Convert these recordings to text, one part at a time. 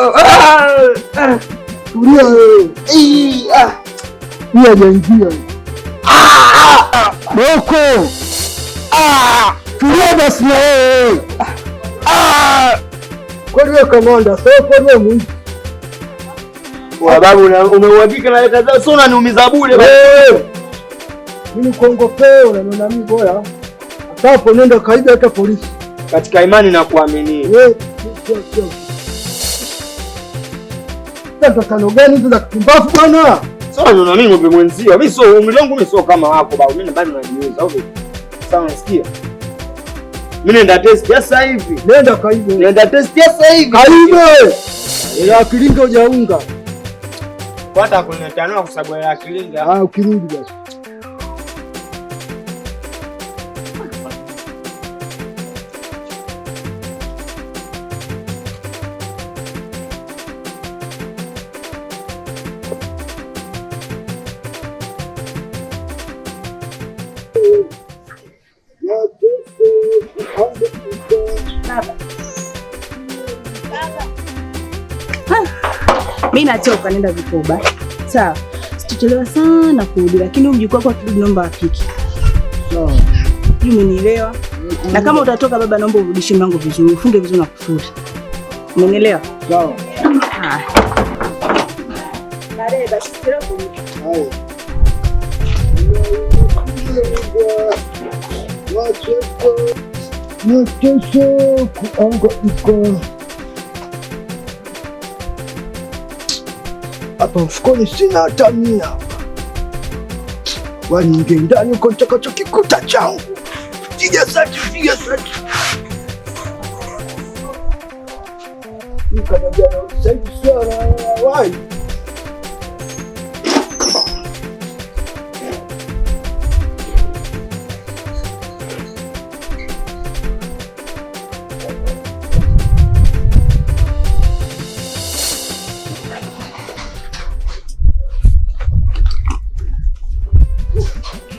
Hajaingia Boko, tulia basi na wewe kwani kamanda, sio kwani mwizi sababu umeuhakika na leta sio unaniumiza bure wewe. Mimi kuongopea unaniona mimi bora atapo nenda kaida hata polisi katika imani na kuamini. Mtatano gani hizo za kupumbavu bwana? Sasa unaona mimi ng'ombe mwenzio. Mimi sio umri wangu mimi sio kama wako baba. Mimi bado najiuza. Au sawa unasikia? Mimi nenda test sasa hivi. Nenda kaibe. Nenda test sasa hivi. Kaibe. Ila kilinga hujaunga. Pata kunitanua kwa sababu ya kilinga. Ah, ukirudi basi. nachoka, nenda vikoba. Sawa, sitochelewa sana kurudi, lakini mjukuu wako akirudi naomba apike. Umenielewa? Na kama utatoka baba, naomba urudishe mlango vizuri, ufunge vizuri na kufuri. Umenielewa? Sawa. hapa mfukoni sina hata mia, waninge ndani uko nitakachokikuta changu. Piga sati, piga sati. Nikanaja na usaidi sana wai Ooh.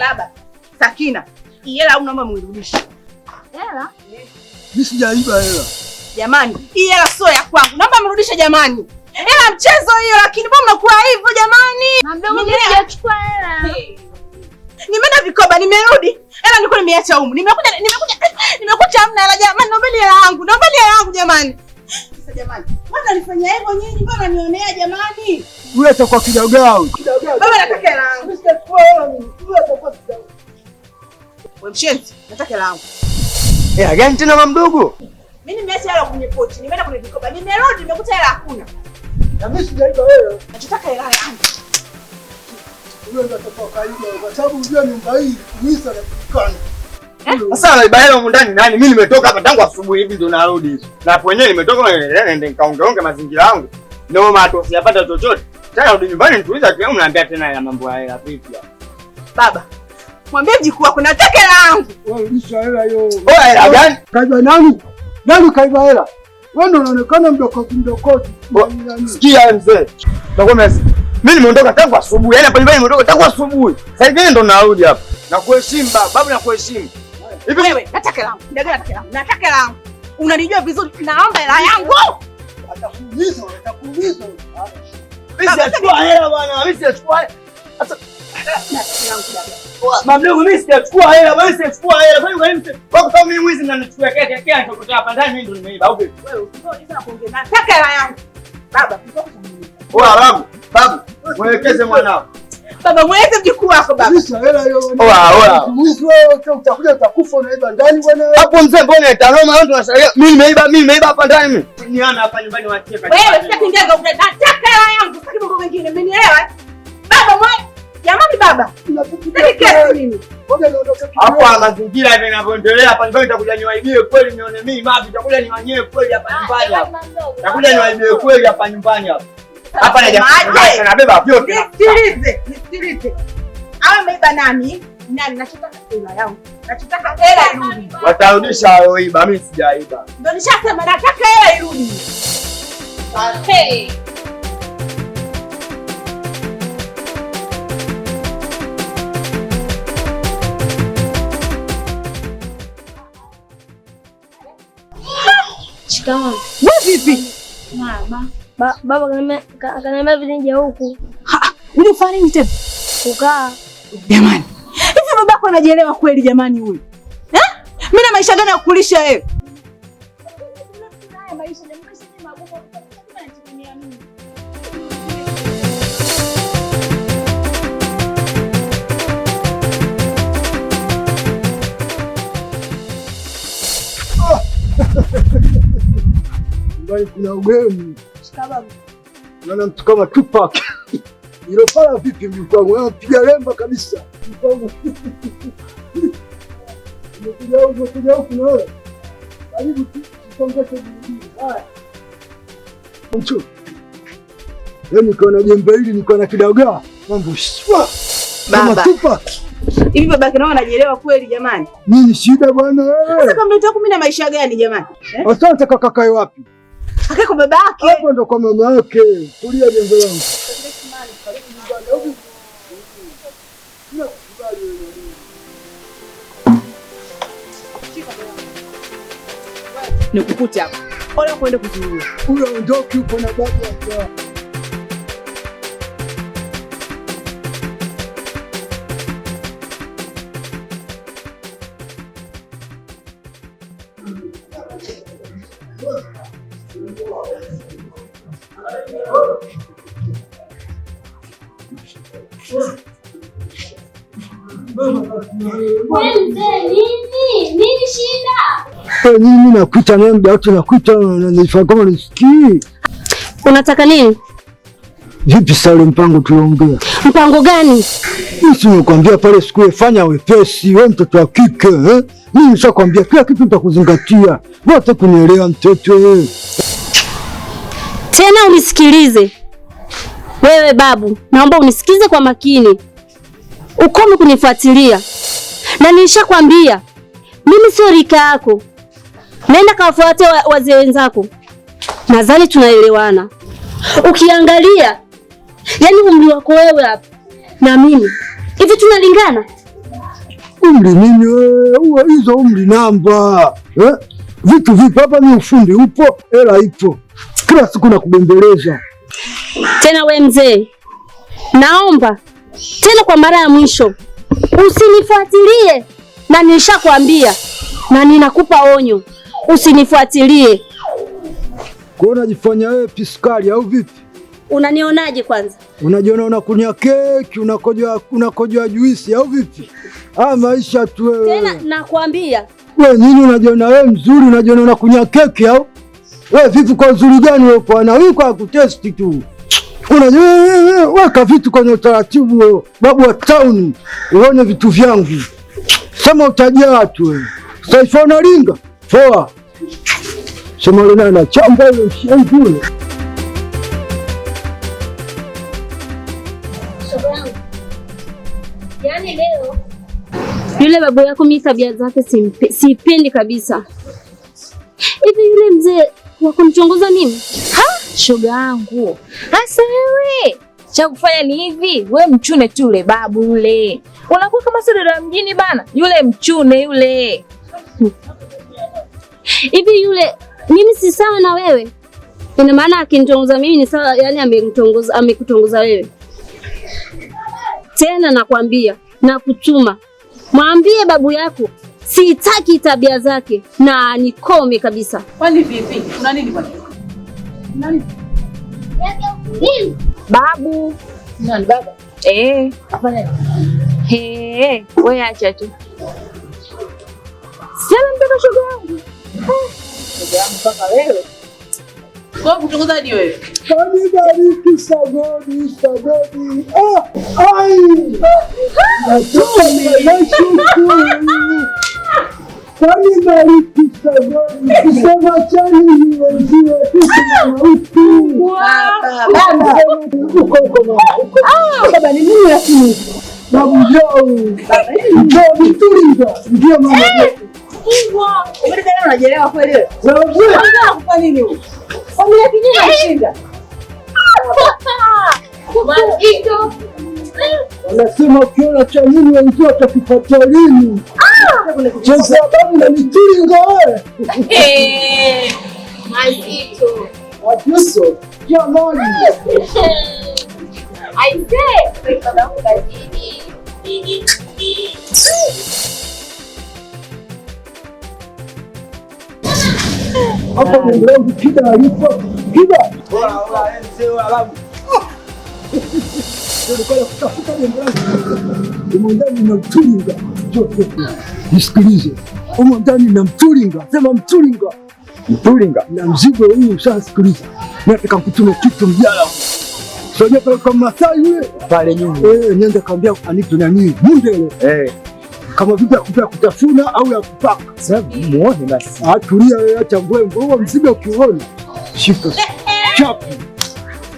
Laba Sakina, hela au naomba mnirudishe hela. Mimi sijaiba hela jamani, hii hela sio ya kwangu, naomba mrudishe jamani. Hela mchezo hiyo, lakini mbona mnakuwa hivyo jamani? Nimeenda vikoba, nimerudi hela nilikuwa nimeacha humu, nimekuja nimekuja nimekuja, hamna hela jamani, naomba hela yangu, naomba hela yangu jamani. jamani, mbona nifanya hivyo nyinyi, mbona nionea jamani? Wewe utakuwa kidogo kidogo? Baba, nataka hela yangu. Wewe mshenzi, nataka hela yangu. Hela gani tena mama mdogo? Mimi nimeacha hela kwenye pochi, nimeenda kwenye Nimerudi nimekuta hela hakuna. Na mimi sijaiba wewe. hela yangu. Wewe ndio kwa sababu unajua nyumba hii kukana. Eh? Sasa anaiba hela huko ndani nani? Mimi nimetoka hapa tangu asubuhi hivi ndo narudi Na hapo wenyewe nimetoka naende nikaongeonge mazingira yangu. Ndio chochote. Tena rudi nyumbani nituliza kiamu tena ya mambo haya vipi hapa. Baba, mwambie mjukuu wako nataka hela gani Kaiba nani? Nani kaiba hela? Wewe ndio unaonekana mdokozi mdokozi. Sikia mzee. Mimi nimeondoka tangu asubuhi. Yaani hapa nyumbani nimeondoka tangu asubuhi. Sasa ndo narudi hapa. Nakuheshimu baba, babu nakuheshimu. Hivi wewe nataka hela yangu. nataka hela Nataka hela Unanijua vizuri, naomba hela yangu. Atakuuliza, atakuuliza. Mimi siachukua hela bwana. Mimi siachukua hela. Mamdogo, mimi sijachukua hela, wewe sijachukua hela. Kwa hiyo kwa sababu mimi mwizi na nichukua kete kete nitakuta hapa ndani mimi ndo nimeiba au vipi? Wewe unaweza kuongea na kaka yangu. Baba, wewe arabu, babu, mwelekeze mwanao. Baba, mwelekeze mjukuu wako baba. Hela hiyo. Oa, oa. Mwizi wewe utakuja utakufa unaiba ndani bwana. Hapo mzee mbona itanoma wewe tunashangaa. Mimi nimeiba, mimi nimeiba hapa ndani mimi. Ni hapa nyumbani waachie Wewe sitaki ngega unataka hela yangu, sitaki mambo mengine. Umenielewa? Eh? Jamani baba. Yaani yaani yaani Hapo mazingira hivi yanavyoendelea hapa nyumbani nitakuja niwaibie kweli nione mimi mavi nitakuja niwanyee kweli hapa ah, nyumbani hapa. Nitakuja niwaibie kweli hapa nyumbani hapa. Hapa na jamaa anabeba vyote. Nisikilize, nisikilize. Awe meiba nami nani, ninachotaka hela yangu. Nachotaka hela irudi. Watarudisha hiyo iba, mimi sijaiba. Ndio nishasema nataka hela irudi. Okay. Vipi? Baba akaniambia vile nje huku. Ulifanya nini tena? Kukaa. Jamani. Hivi babako anajielewa kweli jamani huyu? Eh? Mimi na maisha gani ya kukulisha wewe? nyumbani kuna ugeni. Naona mtu kama Tupac. Ilofala vipi mjukwangu? Anapiga lemba kabisa. Mjukwangu. Umekuja huko kuja huko naona. Karibu tukongeshe bidii. Haya. Mchu. Leo niko na jembe hili niko na kidagaa. Mambo shwa. Baba. Tupac. Hivi babake nao anajielewa kweli jamani? Nini shida bwana wewe? Sasa kama mtu kumi na maisha gani jamani? Eh? Asante kaka kae wapi? Kaka kwa baba yake. Hapo ndo kwa mama yake. Kulia jengo langu. Nikukute hapo. Ole kwenda kuzuia. Huyo ondoki uko na baba yake. Eh, nini nakuita nani? Nakuita naifa kama nisikii. Unataka nini? Vipi Sale, mpango tuliongea. Mpango gani? Nimekuambia pale siku fanya wepesi, wewe mtoto wa kike eh? Mimi nishakwambia kila kitu nitakuzingatia, wote kunielewa mtoto wewe. Eh? Tena unisikilize wewe babu, naomba unisikize kwa makini, ukome kunifuatilia. Na nishakwambia mimi sio rika yako, nenda kawafuate wazee wenzako. Nadhani tunaelewana. Ukiangalia yani umri wako wewe hapa na mimi hivi tunalingana umri? Mimi wewe eh, hizo umri namba eh? vitu vipo hapa, ni ufundi upo, hela ipo kila siku nakubembeleza. Tena we mzee, naomba tena kwa mara ya mwisho usinifuatilie, na nishakwambia na ninakupa onyo, usinifuatilie. Kwa unajifanya wewe piskali au vipi? Unanionaje kwanza? Unajiona unakunywa keki, unakojwa unakojwa juisi au vipi? Ah, maisha tu wewe. Tena nakwambia wewe, nyinyi unajiona wewe mzuri, unajiona unakunywa keki au We vitu kwa uzuri gani wewe bwana? Wewe kwa kutesti tu. Unajua weka vitu kwenye utaratibu wewe, babu wa town. Uone vitu vyangu. Sema utajia watu wewe. Sasa na ringa. Poa. Sema yaani leo na chamba ile yule babu yako mimi tabia zake sipendi kabisa. Hivi yule mzee wa kunichunguza Ha, shoga yangu hasa wewe, cha kufanya ni hivi, wewe mchune tu yule babu yule, unakuwa kama si dada mjini bana, yule mchune yule hivi. Yule mimi si sawa na wewe? Ina maana akinitongoza mimi ni sawa, yani amenitongoza, amekutongoza wewe tena. Nakwambia, nakuchuma, mwambie babu yako Sitaki tabia zake na nikome kabisa. Kwani vipi? Kuna nini bwana? Nani? Babu. Nani baba? Eh. Hey, eh, eh, wewe acha tu. Sema mtoto shoga wangu. Wewe. Ah, Chani bariki Sagoni, kusema chani niweziwe kusi na mauti. Uko uko baba ukiona cha nini wenzio watakupatia lini Josephine ni mtingo wewe. Mazito. Abuso. Jamani. I say, Hapo ni mrembo, piga alipo. Piga. Ora ora, MC wa alamu. Nisikilize, umo ndani na mtulinga, sema mtulinga, mtulinga na mzigo huu. Ushasikiliza, nataka kutuma kitu mjala Masai yule pale nyuma, eh, nienda kaambia anitu nani mundele, eh, kama vipi akupea kutafuna au ya kupaka. Sasa muone basi, atulia ah, wewe, acha ngwengo huo mzigo ukiuona, shika eh, eh. chapu,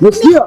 nasikia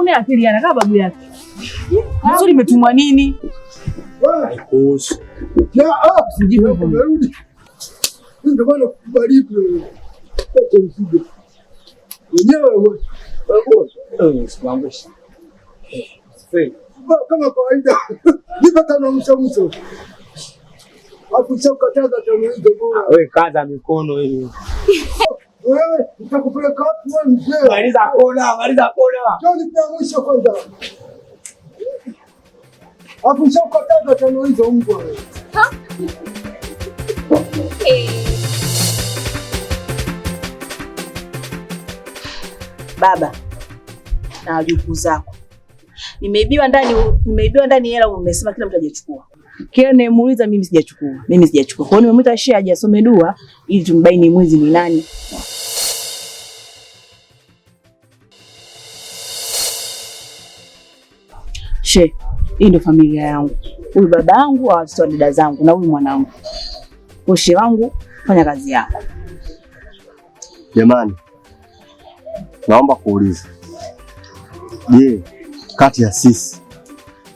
una akili ana kama babu yake mzuri. Umetumwa nini? Ah, eh, eh, kama kawaida kawaida, kaza mikono hiyo. Wewe nitakupeleka wapi mzee? Maliza kona, maliza kona. mwisho kwanza. tatu tano hizo mbwa wewe. Ha? Baba na wajukuu zako, nimeibiwa ndani, nimeibiwa ndani hela, umesema kila mtu ajachukua Kile nimemuuliza mimi sijachukua. Mimi sijachukua. Kwa hiyo nimemwita Sheikh aje asome dua ili tumbaini mwizi ni nani. Sheikh, hii ndio familia yangu. Huyu baba yangu, watoto wa dada zangu na huyu mwanangu. Kwa wangu, fanya kazi yako. Jamani, naomba kuuliza. Je, kati ya sisi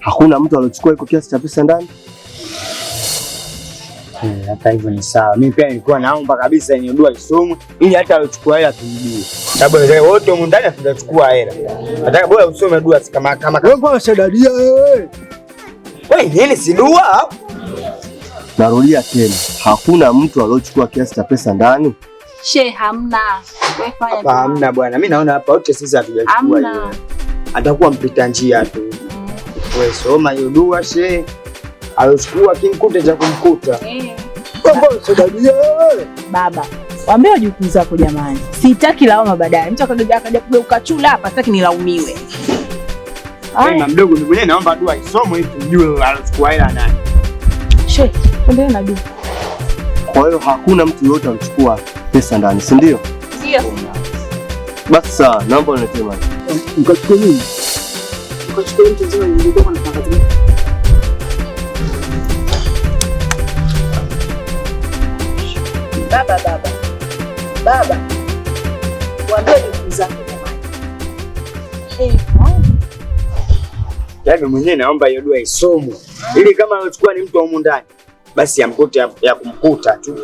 hakuna mtu aliochukua iko kiasi cha pesa ndani. Eh, hata hivyo ni sawa. Mimi pia nilikuwa naomba kabisa yenye dua isomwe ili hata aliochukua hela tumjue, sababu wengine wote humu ndani hatujachukua hela. Nataka bora usome dua kama kama wewe shadadia wewe. Wewe nini si dua? Narudia tena, hakuna mtu aliochukua kiasi cha pesa ndani. She hamna. Hapa hamna bwana. Mimi naona hapa wote sisi hatujachukua Hamna. Atakuwa mpita njia tu. Soma hiyo dua she alochukua kimkute cha kumkuta baba. Waambie wajukuu zako jamani, sitaki lawama baadaye. Mtu akaja kugeuka chula hapa, sitaki nilaumiwe. Mama mdogo, mimi mwenyewe naomba dua isomo ili tujue alichukua hela nani. She, endelee na dua. Kwa hiyo hakuna mtu yoyote alichukua pesa ndani, si ndio? Ndio. Basi sawa, naomba uniletee maji. Mkachukue nini? tukachukua mtu Baba, baba, baba, waambie ndugu zako jamani. Yaani mwenyewe naomba hiyo dua isomwe ili kama anachukua ni mtu wa humu ndani basi amkute ya kumkuta tu,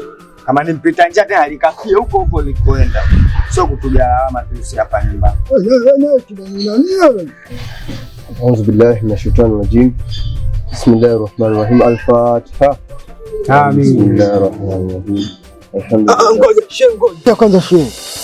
kama ni mpita njia tena alikafia huko huko likoenda, sio kutuja alama tu hapa nyumbani. Eh, eh, eh, أعوذ بالله من الشيطان الرجيم بسم الله الرحمن الرحيم الفاتحة آمين بسم الله الرحمن الرحيم الحمد لله آه،